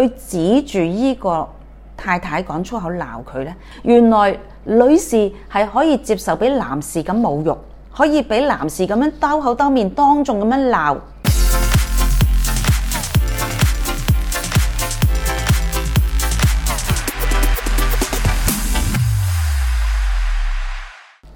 佢指住依個太太講粗口鬧佢呢？原來女士係可以接受俾男士咁侮辱，可以俾男士咁樣兜口兜面當眾咁樣鬧。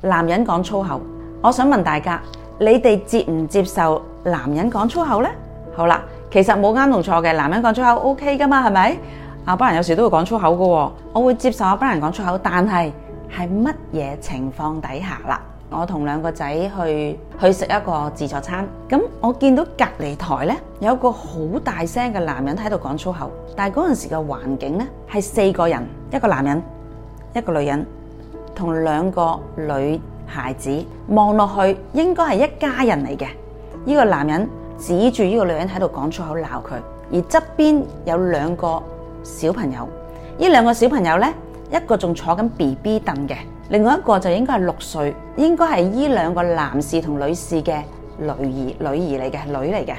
男人講粗口，我想問大家，你哋接唔接受男人講粗口呢？好啦。其實冇啱同錯嘅，男人講粗口 OK 㗎嘛，係咪？阿班人有時都會講粗口嘅喎，我會接受阿班人講粗口，但係係乜嘢情況底下啦？我同兩個仔去去食一個自助餐，咁我見到隔離台呢有個好大聲嘅男人喺度講粗口，但係嗰陣時嘅環境呢係四個人，一個男人，一個女人，同兩個女孩子，望落去應該係一家人嚟嘅，呢個男人。指住呢個女人喺度講粗口鬧佢，而側邊有兩個小朋友，呢兩個小朋友呢，一個仲坐緊 BB 凳嘅，另外一個就應該係六歲，應該係呢兩個男士同女士嘅女兒，女兒嚟嘅，女嚟嘅。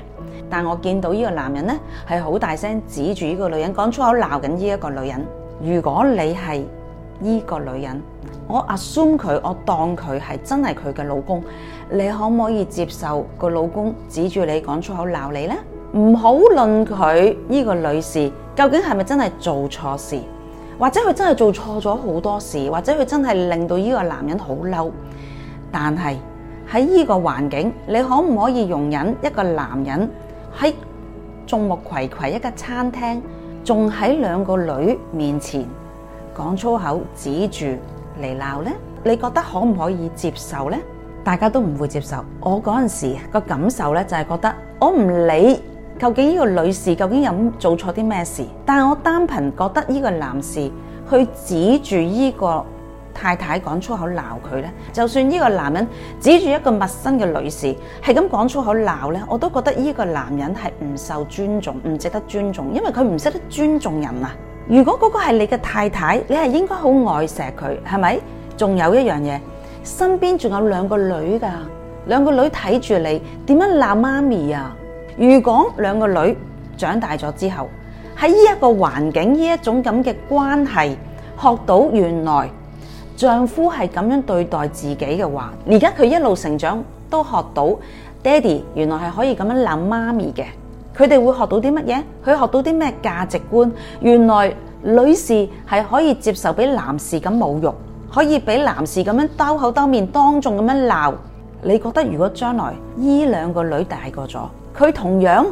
但我見到呢個男人呢，係好大聲指住呢個女人講粗口鬧緊呢一個女人。如果你係，呢、個女人，我 assume 佢，我當佢係真係佢嘅老公，你可唔可以接受個老公指住你講粗口鬧你呢？唔好論佢呢、個女士究竟係咪真係做錯事，或者佢真係做錯咗好多事，或者佢真係令到呢個男人好嬲。但係喺呢個環境，你可唔可以容忍一個男人喺眾目睽睽一個餐廳，仲喺兩個女面前，講粗口指住嚟鬧呢？你覺得可唔可以接受呢？大家都唔會接受。我嗰陣時個感受呢，就係覺得我唔理究竟呢個女士究竟有做錯啲咩事，但係我單憑覺得呢個男士去指住呢個太太講粗口鬧佢呢，就算呢個男人指住一個陌生嘅女士係咁講粗口鬧呢，我都覺得呢個男人係唔受尊重，唔值得尊重，因為佢唔識得尊重人啊！如果嗰個係你嘅太太，你係應該好愛錫佢，係咪？仲有一樣嘢，身邊仲有兩個女噶，兩個女睇住你點樣鬧媽咪啊？如果兩個女長大咗之後，喺呢一個環境呢一種咁嘅關係，學到原來丈夫係咁樣對待自己嘅話，而家佢一路成長都學到爹哋原來係可以咁樣鬧媽咪嘅。佢哋會學到啲乜嘢？佢學到啲咩價值觀？原來女士係可以接受俾男士咁侮辱，可以俾男士咁樣兜口兜面當眾咁樣鬧。你覺得如果將來呢兩個女大個咗，佢同樣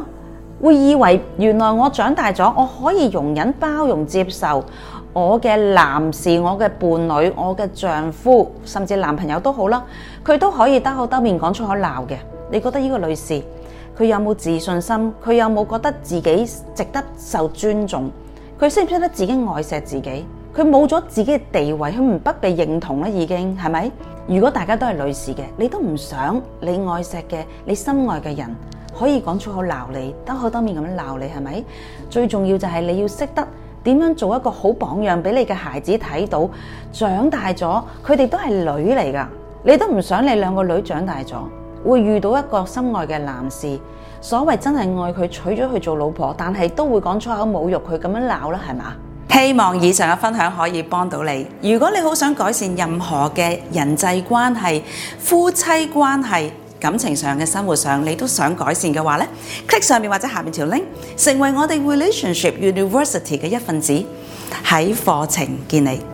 會以為原來我長大咗，我可以容忍、包容、接受我嘅男士、我嘅伴侶、我嘅丈夫，甚至男朋友都好啦，佢都可以兜口兜面講粗口鬧嘅。你覺得呢個女士？佢有冇自信心？佢有冇覺得自己值得受尊重？佢識唔識得自己愛錫自己？佢冇咗自己嘅地位，佢唔不被認同咧，已經係咪？如果大家都係女士嘅，你都唔想你愛錫嘅、你心愛嘅人可以講粗口鬧你，兜口兜面咁樣鬧你，係咪？最重要就係你要識得點樣做一個好榜樣，俾你嘅孩子睇到，長大咗佢哋都係女嚟㗎，你都唔想你兩個女長大咗。會遇到一個心愛嘅男士，所謂真係愛佢娶咗佢做老婆，但係都會講粗口侮辱佢，咁樣鬧啦，係嘛？希望以上嘅分享可以幫到你。如果你好想改善任何嘅人際關係、夫妻關係、感情上嘅生活上，你都想改善嘅話呢 click 上面或者下面條 link，成為我哋 Relationship University 嘅一份子，喺課程見你。